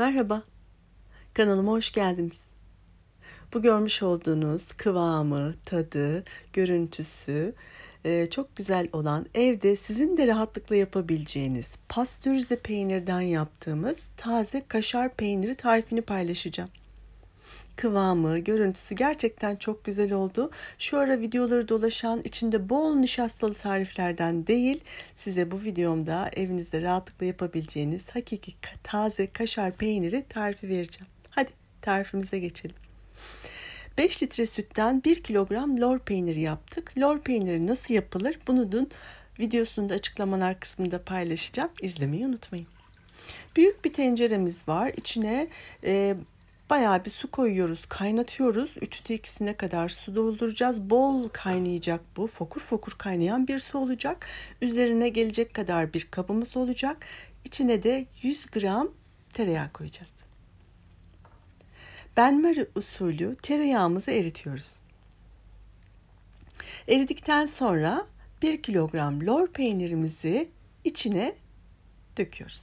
Merhaba, kanalıma hoş geldiniz. Bu görmüş olduğunuz kıvamı, tadı, görüntüsü e, çok güzel olan evde sizin de rahatlıkla yapabileceğiniz pastürize peynirden yaptığımız taze kaşar peyniri tarifini paylaşacağım kıvamı, görüntüsü gerçekten çok güzel oldu. Şu ara videoları dolaşan içinde bol nişastalı tariflerden değil, size bu videomda evinizde rahatlıkla yapabileceğiniz hakiki taze kaşar peyniri tarifi vereceğim. Hadi tarifimize geçelim. 5 litre sütten 1 kilogram lor peyniri yaptık. Lor peyniri nasıl yapılır? Bunu dün videosunda açıklamalar kısmında paylaşacağım. İzlemeyi unutmayın. Büyük bir tenceremiz var. İçine e, Bayağı bir su koyuyoruz, kaynatıyoruz. 3'te ikisine kadar su dolduracağız. Bol kaynayacak bu. Fokur fokur kaynayan bir su olacak. Üzerine gelecek kadar bir kabımız olacak. İçine de 100 gram tereyağı koyacağız. Benmari usulü tereyağımızı eritiyoruz. Eridikten sonra 1 kilogram lor peynirimizi içine döküyoruz.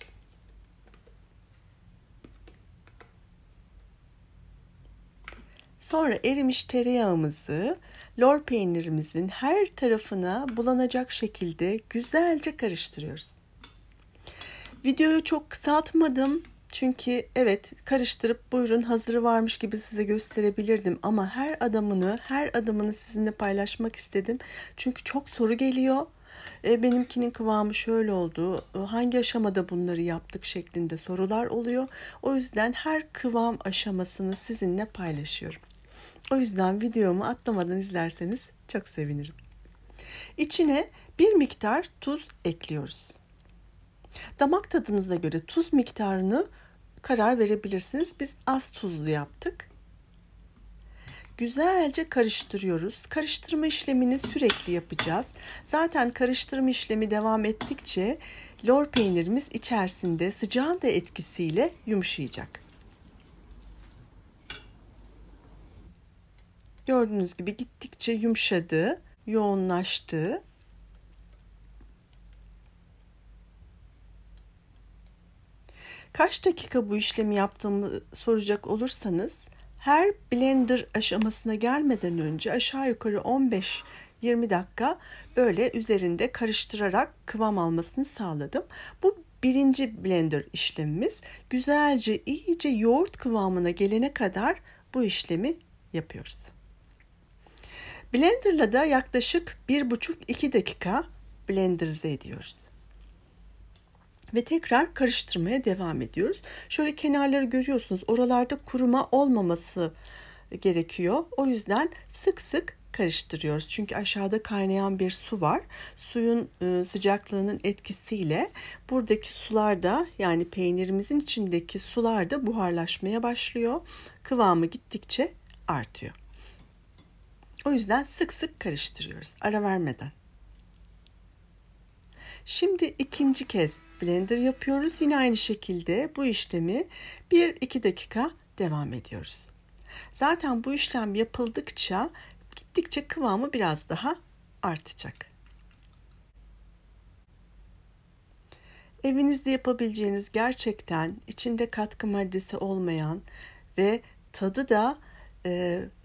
Sonra erimiş tereyağımızı lor peynirimizin her tarafına bulanacak şekilde güzelce karıştırıyoruz. Videoyu çok kısaltmadım. Çünkü evet karıştırıp buyurun hazırı varmış gibi size gösterebilirdim ama her adamını her adımını sizinle paylaşmak istedim. Çünkü çok soru geliyor. E, benimkinin kıvamı şöyle oldu. E, hangi aşamada bunları yaptık şeklinde sorular oluyor. O yüzden her kıvam aşamasını sizinle paylaşıyorum. O yüzden videomu atlamadan izlerseniz çok sevinirim. İçine bir miktar tuz ekliyoruz. Damak tadınıza göre tuz miktarını karar verebilirsiniz. Biz az tuzlu yaptık. Güzelce karıştırıyoruz. Karıştırma işlemini sürekli yapacağız. Zaten karıştırma işlemi devam ettikçe lor peynirimiz içerisinde sıcağın da etkisiyle yumuşayacak. Gördüğünüz gibi gittikçe yumuşadı, yoğunlaştı. Kaç dakika bu işlemi yaptığımı soracak olursanız her blender aşamasına gelmeden önce aşağı yukarı 15 20 dakika böyle üzerinde karıştırarak kıvam almasını sağladım. Bu birinci blender işlemimiz. Güzelce iyice yoğurt kıvamına gelene kadar bu işlemi yapıyoruz. Blender'la da yaklaşık 1,5-2 dakika blenderize ediyoruz. Ve tekrar karıştırmaya devam ediyoruz. Şöyle kenarları görüyorsunuz. Oralarda kuruma olmaması gerekiyor. O yüzden sık sık karıştırıyoruz. Çünkü aşağıda kaynayan bir su var. Suyun e, sıcaklığının etkisiyle buradaki sular da yani peynirimizin içindeki sular da buharlaşmaya başlıyor. Kıvamı gittikçe artıyor. O yüzden sık sık karıştırıyoruz ara vermeden. Şimdi ikinci kez blender yapıyoruz. Yine aynı şekilde bu işlemi 1-2 dakika devam ediyoruz. Zaten bu işlem yapıldıkça gittikçe kıvamı biraz daha artacak. Evinizde yapabileceğiniz gerçekten içinde katkı maddesi olmayan ve tadı da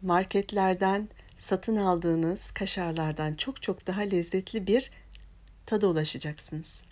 marketlerden satın aldığınız kaşarlardan çok çok daha lezzetli bir tada ulaşacaksınız.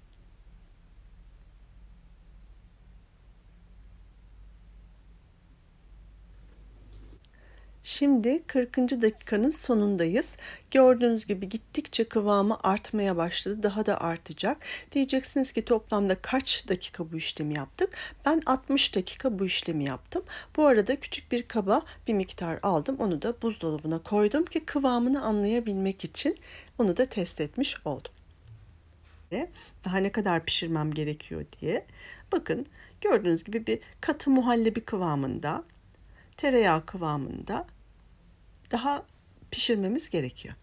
Şimdi 40. dakikanın sonundayız. Gördüğünüz gibi gittikçe kıvamı artmaya başladı. Daha da artacak. Diyeceksiniz ki toplamda kaç dakika bu işlemi yaptık? Ben 60 dakika bu işlemi yaptım. Bu arada küçük bir kaba bir miktar aldım. Onu da buzdolabına koydum ki kıvamını anlayabilmek için onu da test etmiş oldum daha ne kadar pişirmem gerekiyor diye. Bakın gördüğünüz gibi bir katı muhallebi kıvamında, tereyağı kıvamında daha pişirmemiz gerekiyor.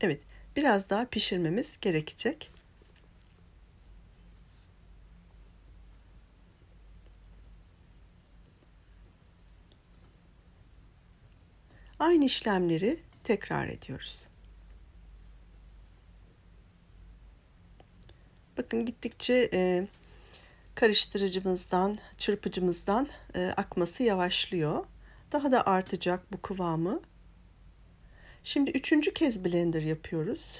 Evet, biraz daha pişirmemiz gerekecek. Aynı işlemleri tekrar ediyoruz. Bakın gittikçe e, karıştırıcımızdan, çırpıcımızdan e, akması yavaşlıyor. Daha da artacak bu kıvamı. Şimdi üçüncü kez blender yapıyoruz.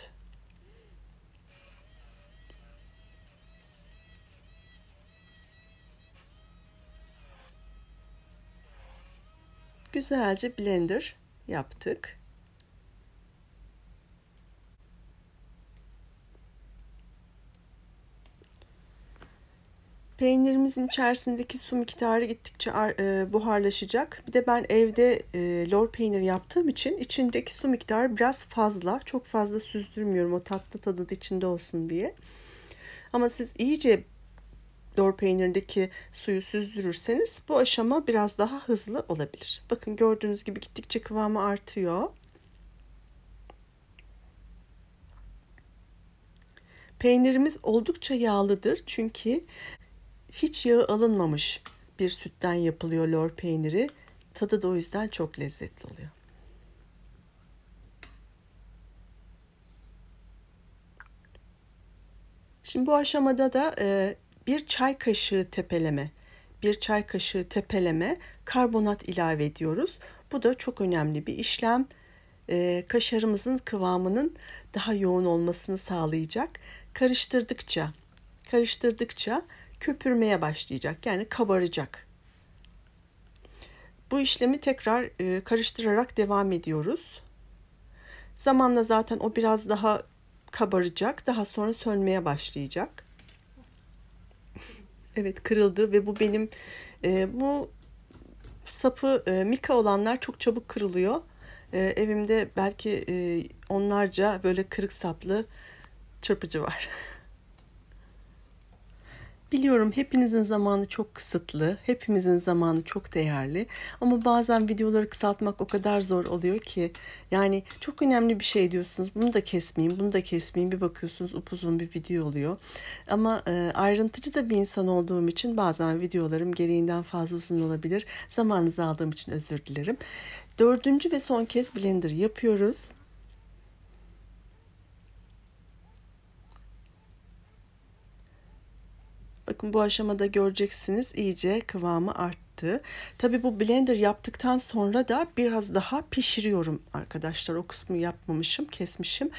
Güzelce blender yaptık. Peynirimizin içerisindeki su miktarı gittikçe e, buharlaşacak. Bir de ben evde e, lor peynir yaptığım için içindeki su miktarı biraz fazla. Çok fazla süzdürmüyorum o tatlı tadı da içinde olsun diye. Ama siz iyice lor peynirindeki suyu süzdürürseniz bu aşama biraz daha hızlı olabilir. Bakın gördüğünüz gibi gittikçe kıvamı artıyor. Peynirimiz oldukça yağlıdır çünkü hiç yağı alınmamış bir sütten yapılıyor lor peyniri. Tadı da o yüzden çok lezzetli oluyor. Şimdi bu aşamada da e, bir çay kaşığı tepeleme, bir çay kaşığı tepeleme karbonat ilave ediyoruz. Bu da çok önemli bir işlem. E, kaşarımızın kıvamının daha yoğun olmasını sağlayacak. Karıştırdıkça, karıştırdıkça köpürmeye başlayacak yani kabaracak. Bu işlemi tekrar e, karıştırarak devam ediyoruz. Zamanla zaten o biraz daha kabaracak. Daha sonra sönmeye başlayacak. Evet kırıldı ve bu benim e, bu sapı e, mika olanlar çok çabuk kırılıyor. E, evimde belki e, onlarca böyle kırık saplı çırpıcı var. Biliyorum hepinizin zamanı çok kısıtlı, hepimizin zamanı çok değerli ama bazen videoları kısaltmak o kadar zor oluyor ki yani çok önemli bir şey diyorsunuz bunu da kesmeyeyim, bunu da kesmeyeyim bir bakıyorsunuz upuzun bir video oluyor. Ama e, ayrıntıcı da bir insan olduğum için bazen videolarım gereğinden fazla uzun olabilir. Zamanınızı aldığım için özür dilerim. Dördüncü ve son kez blender yapıyoruz. Bakın bu aşamada göreceksiniz iyice kıvamı arttı. Tabii bu blender yaptıktan sonra da biraz daha pişiriyorum arkadaşlar. O kısmı yapmamışım, kesmişim.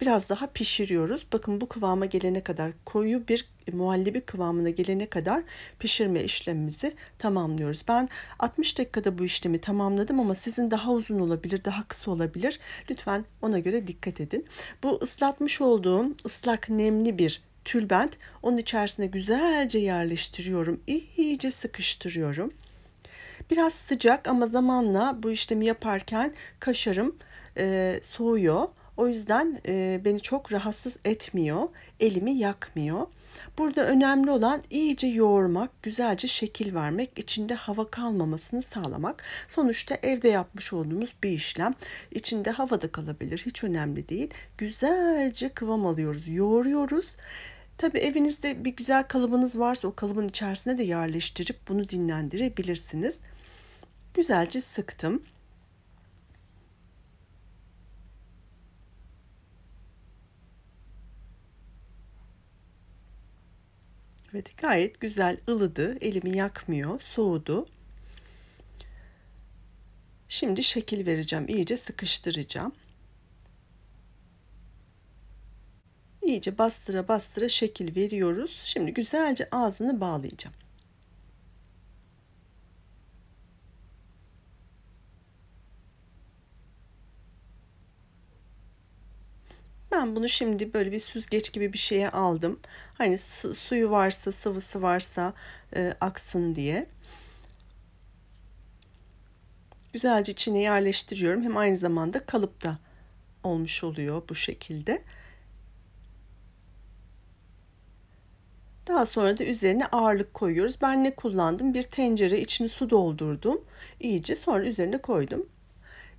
Biraz daha pişiriyoruz. Bakın bu kıvama gelene kadar koyu bir muhallebi kıvamına gelene kadar pişirme işlemimizi tamamlıyoruz. Ben 60 dakikada bu işlemi tamamladım ama sizin daha uzun olabilir, daha kısa olabilir. Lütfen ona göre dikkat edin. Bu ıslatmış olduğum ıslak nemli bir tülbent. Onun içerisine güzelce yerleştiriyorum. İyice sıkıştırıyorum. Biraz sıcak ama zamanla bu işlemi yaparken kaşarım e, soğuyor. O yüzden e, beni çok rahatsız etmiyor, elimi yakmıyor. Burada önemli olan iyice yoğurmak, güzelce şekil vermek, içinde hava kalmamasını sağlamak. Sonuçta evde yapmış olduğumuz bir işlem. içinde hava da kalabilir, hiç önemli değil. Güzelce kıvam alıyoruz, yoğuruyoruz Tabi evinizde bir güzel kalıbınız varsa o kalıbın içerisine de yerleştirip bunu dinlendirebilirsiniz. Güzelce sıktım. Evet gayet güzel ılıdı. Elimi yakmıyor. Soğudu. Şimdi şekil vereceğim. iyice sıkıştıracağım. iyice bastıra bastıra şekil veriyoruz. Şimdi güzelce ağzını bağlayacağım. Ben bunu şimdi böyle bir süzgeç gibi bir şeye aldım. Hani suyu varsa, sıvısı varsa e, aksın diye. Güzelce içine yerleştiriyorum. Hem aynı zamanda kalıpta olmuş oluyor bu şekilde. Daha sonra da üzerine ağırlık koyuyoruz. Ben ne kullandım? Bir tencere içini su doldurdum. İyice sonra üzerine koydum.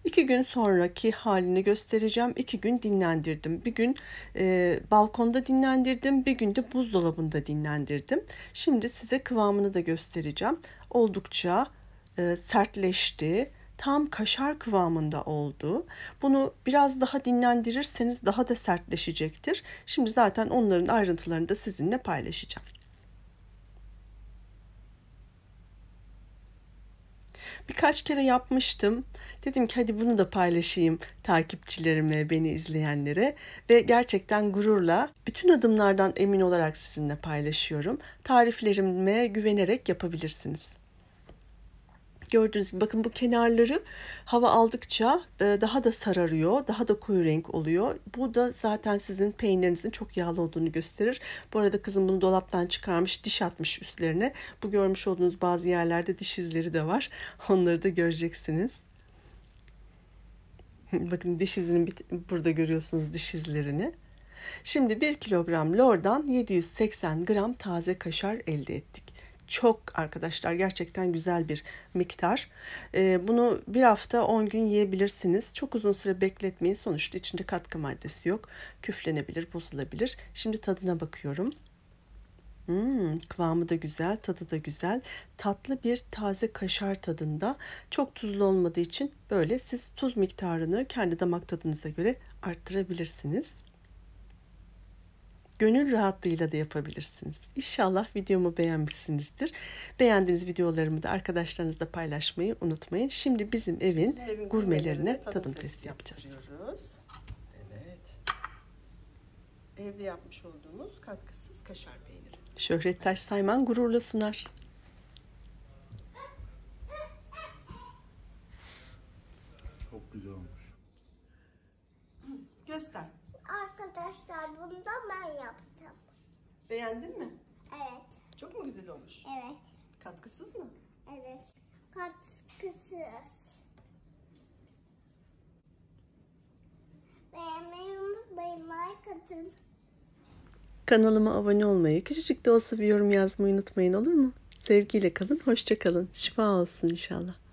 İki gün sonraki halini göstereceğim. İki gün dinlendirdim. Bir gün e, balkonda dinlendirdim. Bir gün de buzdolabında dinlendirdim. Şimdi size kıvamını da göstereceğim. Oldukça e, sertleşti tam kaşar kıvamında oldu. Bunu biraz daha dinlendirirseniz daha da sertleşecektir. Şimdi zaten onların ayrıntılarını da sizinle paylaşacağım. Birkaç kere yapmıştım. Dedim ki hadi bunu da paylaşayım takipçilerime, beni izleyenlere ve gerçekten gururla bütün adımlardan emin olarak sizinle paylaşıyorum. Tariflerime güvenerek yapabilirsiniz. Gördüğünüz gibi bakın bu kenarları hava aldıkça e, daha da sararıyor, daha da koyu renk oluyor. Bu da zaten sizin peynirinizin çok yağlı olduğunu gösterir. Bu arada kızım bunu dolaptan çıkarmış, diş atmış üstlerine. Bu görmüş olduğunuz bazı yerlerde diş izleri de var. Onları da göreceksiniz. Bakın diş izini burada görüyorsunuz diş izlerini. Şimdi 1 kilogram lordan 780 gram taze kaşar elde ettik çok arkadaşlar gerçekten güzel bir miktar. E, bunu bir hafta 10 gün yiyebilirsiniz. Çok uzun süre bekletmeyin. Sonuçta içinde katkı maddesi yok. Küflenebilir, bozulabilir. Şimdi tadına bakıyorum. Hmm, kıvamı da güzel, tadı da güzel. Tatlı bir taze kaşar tadında. Çok tuzlu olmadığı için böyle siz tuz miktarını kendi damak tadınıza göre arttırabilirsiniz gönül rahatlığıyla da yapabilirsiniz. İnşallah videomu beğenmişsinizdir. Beğendiğiniz videolarımı da arkadaşlarınızla paylaşmayı unutmayın. Şimdi bizim evin, bizim evin gurmelerine tadım, testi yapacağız. Yapıyoruz. Evet. Evde yapmış olduğumuz katkısız kaşar peyniri. Şöhret Taş Sayman gururla sunar. Çok güzel olmuş. Göster. Arkadaşlar bunu da ben yaptım. Beğendin mi? Evet. Çok mu güzel olmuş? Evet. Katkısız mı? Evet. Katkısız. Beğenmeyi unutmayın. Like atın. Kanalıma abone olmayı, küçücük de olsa bir yorum yazmayı unutmayın olur mu? Sevgiyle kalın, hoşça kalın. Şifa olsun inşallah.